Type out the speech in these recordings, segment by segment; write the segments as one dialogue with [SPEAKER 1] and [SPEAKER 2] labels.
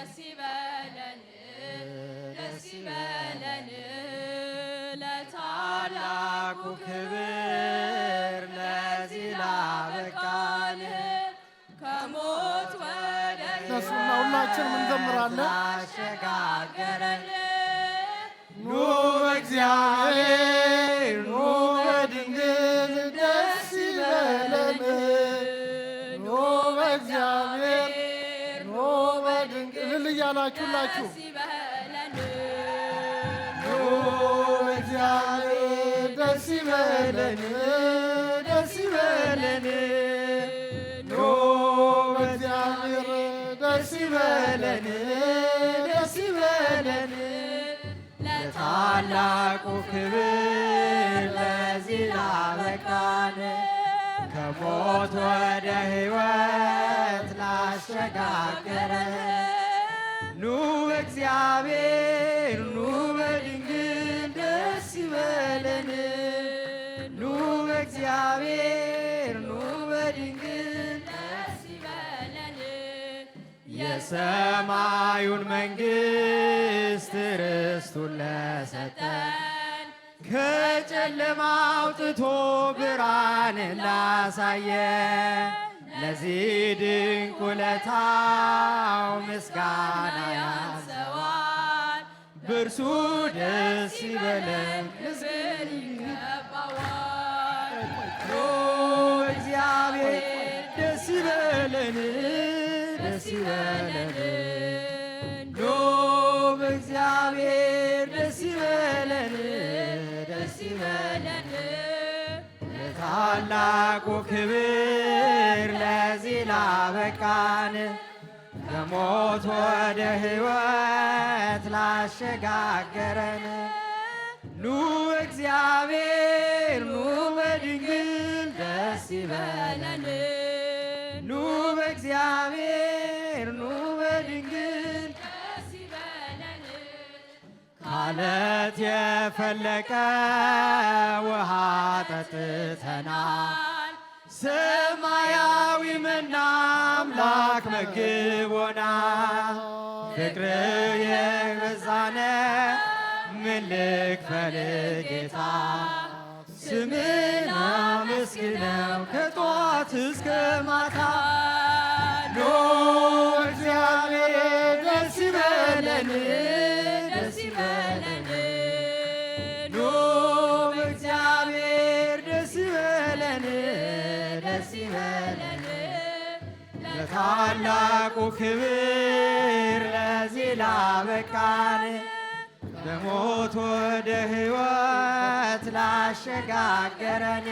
[SPEAKER 1] ደስ ይበለን ደስ ይበለን ለታላቁ ክብር ለዚህ ላበቃን ከሞት ወደ ሁላችንም እንዘምራለን ኑ እግዚአብሔር ያላችሁ ሁላችሁ ደስ ይበለን፣ ደስ ይበለን፣ ደስ ይበለን፣ ደስ ይበለን ለታላቁ ክብር ለዚህ ላበቃን ከሞት ወደ ሕይወት ላሸጋገረ ኑ በእግዚአብሔር ኑ በድንግል ደስ ይበለን። ኑ በእግዚአብሔር ኑ በድንግል ደስ ይበለን። የሰማዩን መንግሥት ርስቱን ለሰጠን ከጨለማ አውጥቶ ብርሃን ላሳየ ለዚህ ድንቅ ውለታው ምስጋና ያንሰዋል። በእርሱ ደስ ይበለን ሕዝብን ይገባዋል። እግዚአብሔር ደስ ይበለን ደስ ይበለን እግዚአብሔር ደስ ይበለን ደስ ይበለን ታላቁ ክብር ለዚህ ላበቃን ከሞት ወደ ሕይወት ላሸጋገረን ኑ እግዚአብሔር ኑ በድንግል ደስ ይበለን ኑ በእግዚአብሔር ኑ አለት የፈለቀ ውሃ ጠጥተናል። ሰማያዊ መና አምላክ መግቦናል። ፍቅር የበዛነ ምልክ ፈልጌታ ስምና ምስግነው ከጧት እስከ ማታ ኖ እግዚአብሔር ደስ ይበለን ታላቁ ክብር ለዚህ ላበቃን ከሞት ወደ ሕይወት ላሸጋገረን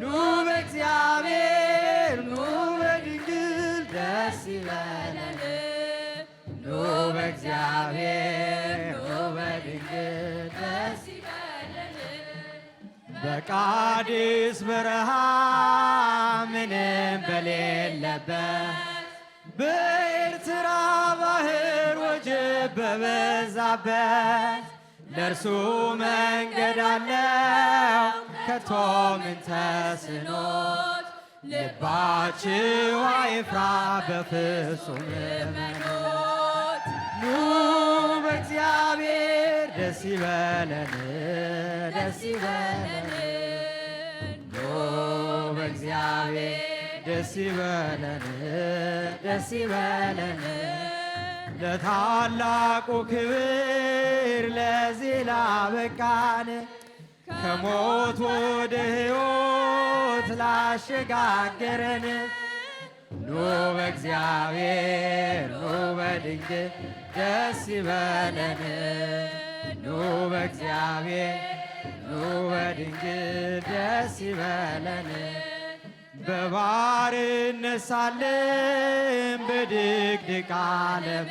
[SPEAKER 1] ኑ በእግዚአብሔር ኑ በድንግል ደስ ይበለን ኑ በእግዚአብሔር በቃዲስ በረሃ ምንም በሌለበት በኤርትራ ባህር ወጀብ በበዛበት ለእርሱ መንገድ አለው ከቶ ምን ተስኖት ልባችሁ አይፍራ በፍጹም እመኖት እግዚአብሔር ደስ ይበለን ደስ ይበለን በእግዚአብሔር ደስ ይበለን ደስ ይበለን ለታላቁ ክብር ለዚህ ላበቃን ከሞት ወደ ሕይወት ላሸጋገረን ኑ በእግዚአብሔር ኑ በድንግል ደስ ይበለን ኑ በእግዚአብሔር ኑ በድንግል ደስ ይበለን። በባርነት ሳለን በድቅድቅ ዓለም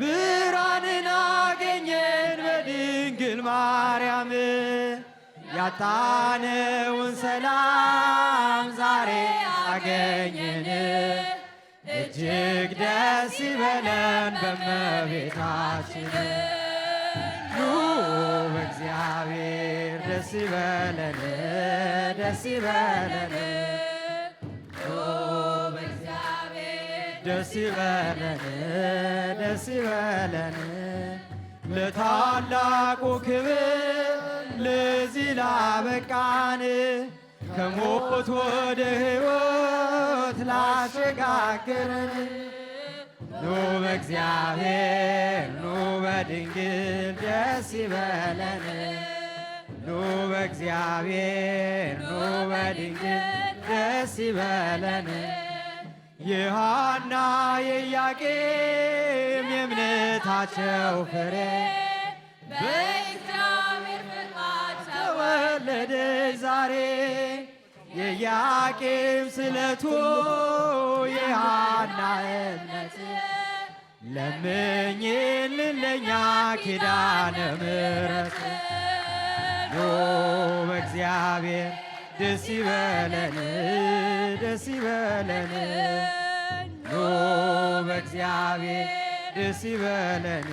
[SPEAKER 1] ብርሃንን አገኘን በድንግል ማርያም ያጣነውን ሰላም ዛሬ አገኘን። እጅግ ደስ ይበለን በመቤታችን ኑ በእግዚአብሔር ደስ ይበለን ደስ ይበለን ደስ ይበለን ደስ ይበለን ለታላቁ ክብር ለዚህ ላበቃን ከሞት ወደ ሕይወት ስላሸጋገረን ኑ በእግዚአብሔር ኑ በድንግል ደስ ይበለን። ኑ በእግዚአብሔር ኑ በድንግል ደስ ይበለን። የሐና የኢያቄም የእምነታቸው ፍሬ በእግዚአብሔር ፍቃድ ተወለደች ዛሬ የያቄም ስለቱ የሃና እምነት ለምኝልን ለኛ ኪዳነ ምሕረት ኖ በእግዚአብሔር ደስ ይበለን ደስ ይበለን ኖ በእግዚአብሔር ደስ ይበለን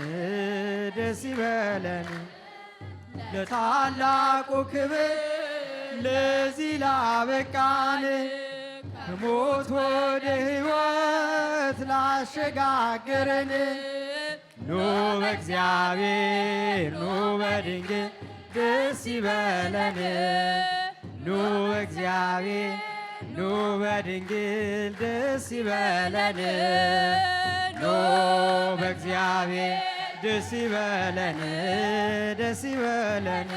[SPEAKER 1] ደስ ይበለን ለታላቁ ክብር ለዚህ ላበቃን ከሞት ወደ ሕይወት ላሸጋገረን ኑ በእግዚአብሔር ኑ በድንግል ደስ ይበለን ኑ እግዚአብሔር ኑ በድንግል ደስ ይበለን ኑ በእግዚአብሔር ደስ ይበለን ደስ ይበለን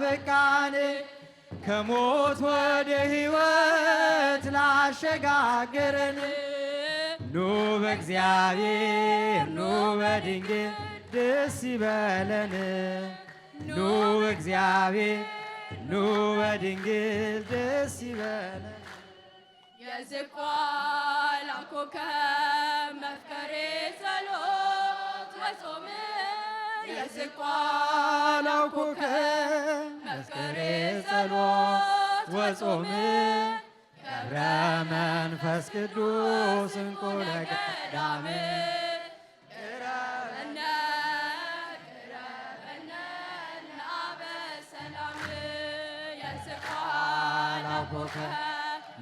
[SPEAKER 1] ላበቃን ከሞት ወደ ሕይወት ላሸጋገረን ኑ በእግዚአብሔር ኑ በድንግል ደስ ይበለን ኑ በእግዚአብሔር ኑ በድንግል ደስ ይበለን የዝቋላ ኮከብ መፍቀሬ ጸሎት ወጾም የዝቋላ ኮከብ ወጾም ገብረ መንፈስ ቅዱስ እንቁ ለገዳም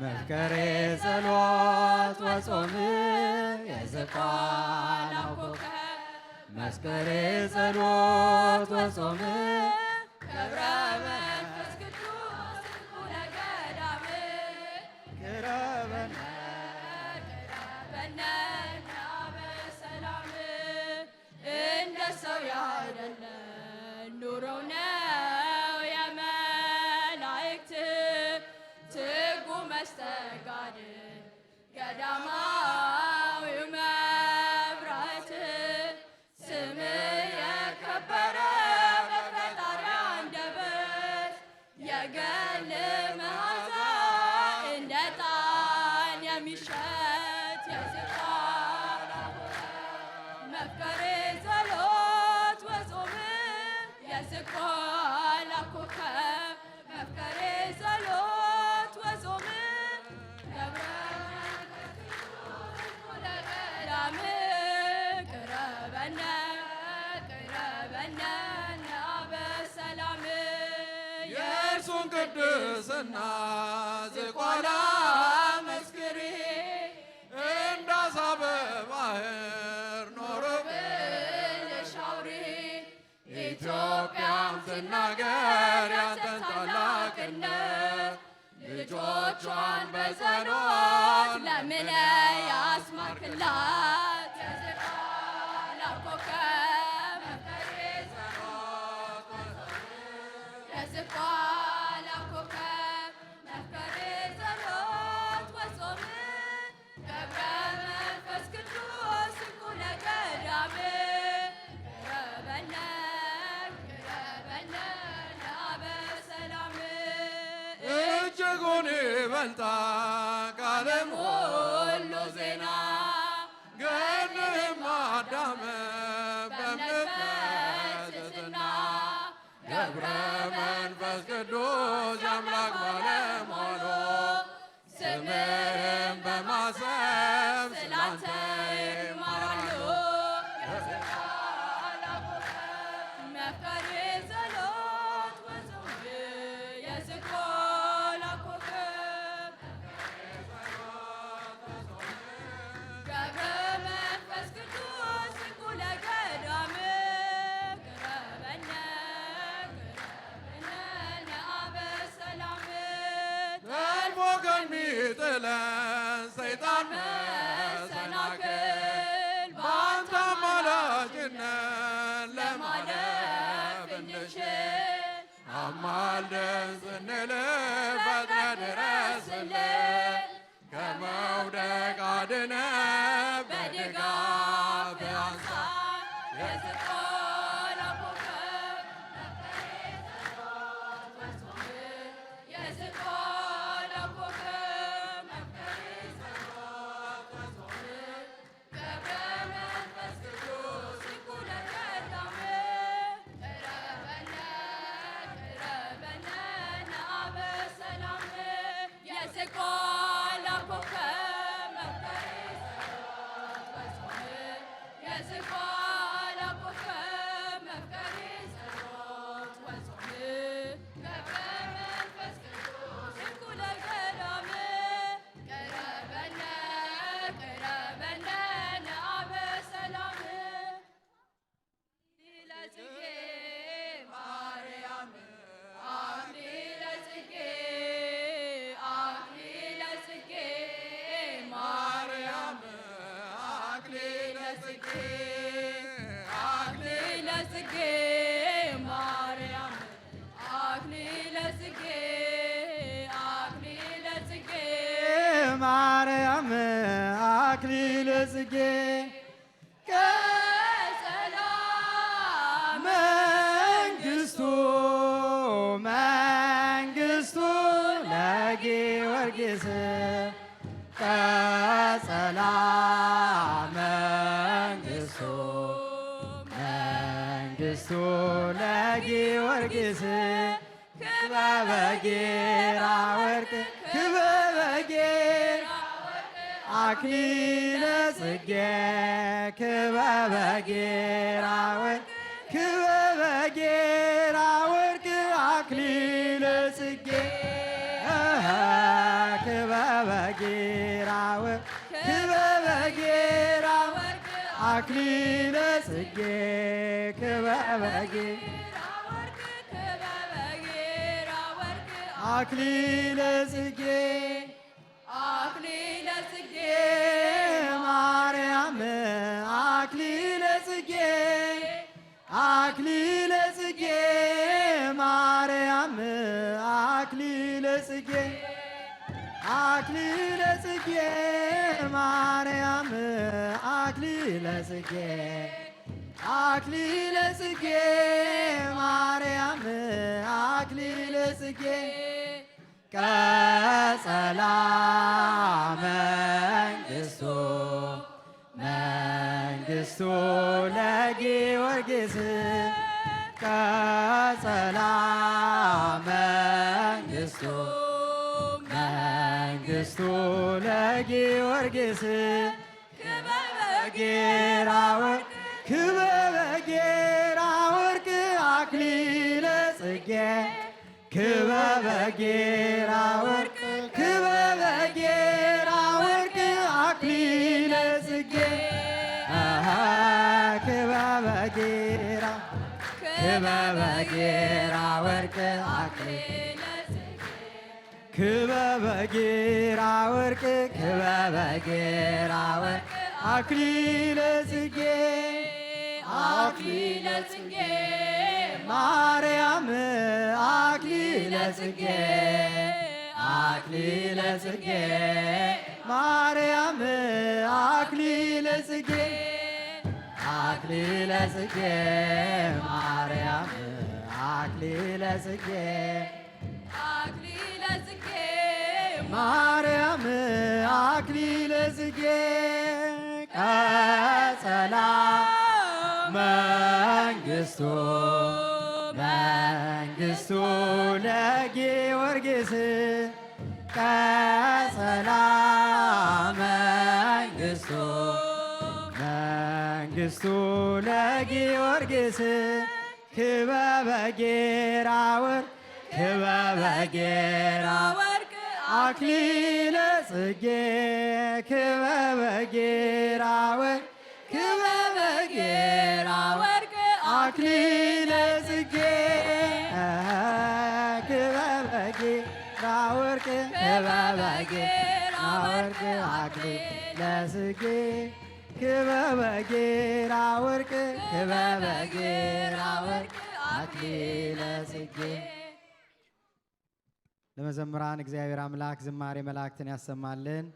[SPEAKER 1] መፍቀሬ ጸሎት ወጾም የዝቋላኮከ መስከሬ ጸሎት ወጾም የእርሱን ቅድስና ዝቋላ መስክሪ እንዳሳ በባህር ኢትዮጵያም ትናገር ያንተን ታላቅነት ልጆቿን በጸሎት ለምነ ያስማርክላት አክሊለ ጽጌ ቀጸላ መንግስቱ መንግስቱ ለጊዮርጊስ ቀጸላ መንግስቱ መንግስቱ ለጊዮርጊስ ወርቅ አክሊለ ጽጌ ክበበ ጌራ ወርቅ ክበበ ጌራ ወርቅ አክሊለ ጽጌ ክበበ ጌራ ወርቅ ክበበ ጌራ ወርቅ አክሊለ ጽጌ ክበበ ጌራ ወርቅ ክበበ ጌራ ወርቅ አክሊለ ጽጌ ጽጌ አክሊለ ጽጌ ማርያም አክሊለ ጽጌ አክሊለ ጽጌ ማርያም አክሊለ ጽጌ ቀጸላ መንግስቱ መንግስቱ ለጊዮርጊስ ለጊዮርጊስ ክበበ ጌራ ወርቅ አክሊለ ጽጌ ክበበ ወርቅ ክበበ ወርቅ አክሊለ ጽጌ ወርቅ አክሊለ ክበበ ጌራ ወርቅ ክበበ ጌራ ወርቅ አክሊለ ጽጌ አክሊለ ጽጌ ማርያም አክሊለ ጽጌ አክሊለ ጽጌ ማርያም አክሊለ ጽጌ አክሊለ ጽጌ ማርያም አክሊለ ጽጌ ማርያም አክሊለ ጽጌ ቀጸላ መንግስቱ መንግስቱ ለጊዮርጊስ ቀጸላ መንግስቱ መንግስቱ ለጊዮርጊስ ክበበ ጌራወር አክሊለ ጽጌ ክበበ ጌራ ወርቅ ክበበ ጌራ ወርቅ አክሊለ ጽጌ ክበበ ጌራ ወርቅ ክበበ ጌራ ወርቅ አክሊለ ጽጌ ክበበ ጌራ ወርቅ ክበበ ጌራ ወርቅ አክሊለ ጽጌ ለመዘምራን እግዚአብሔር አምላክ ዝማሬ መላእክትን ያሰማልን።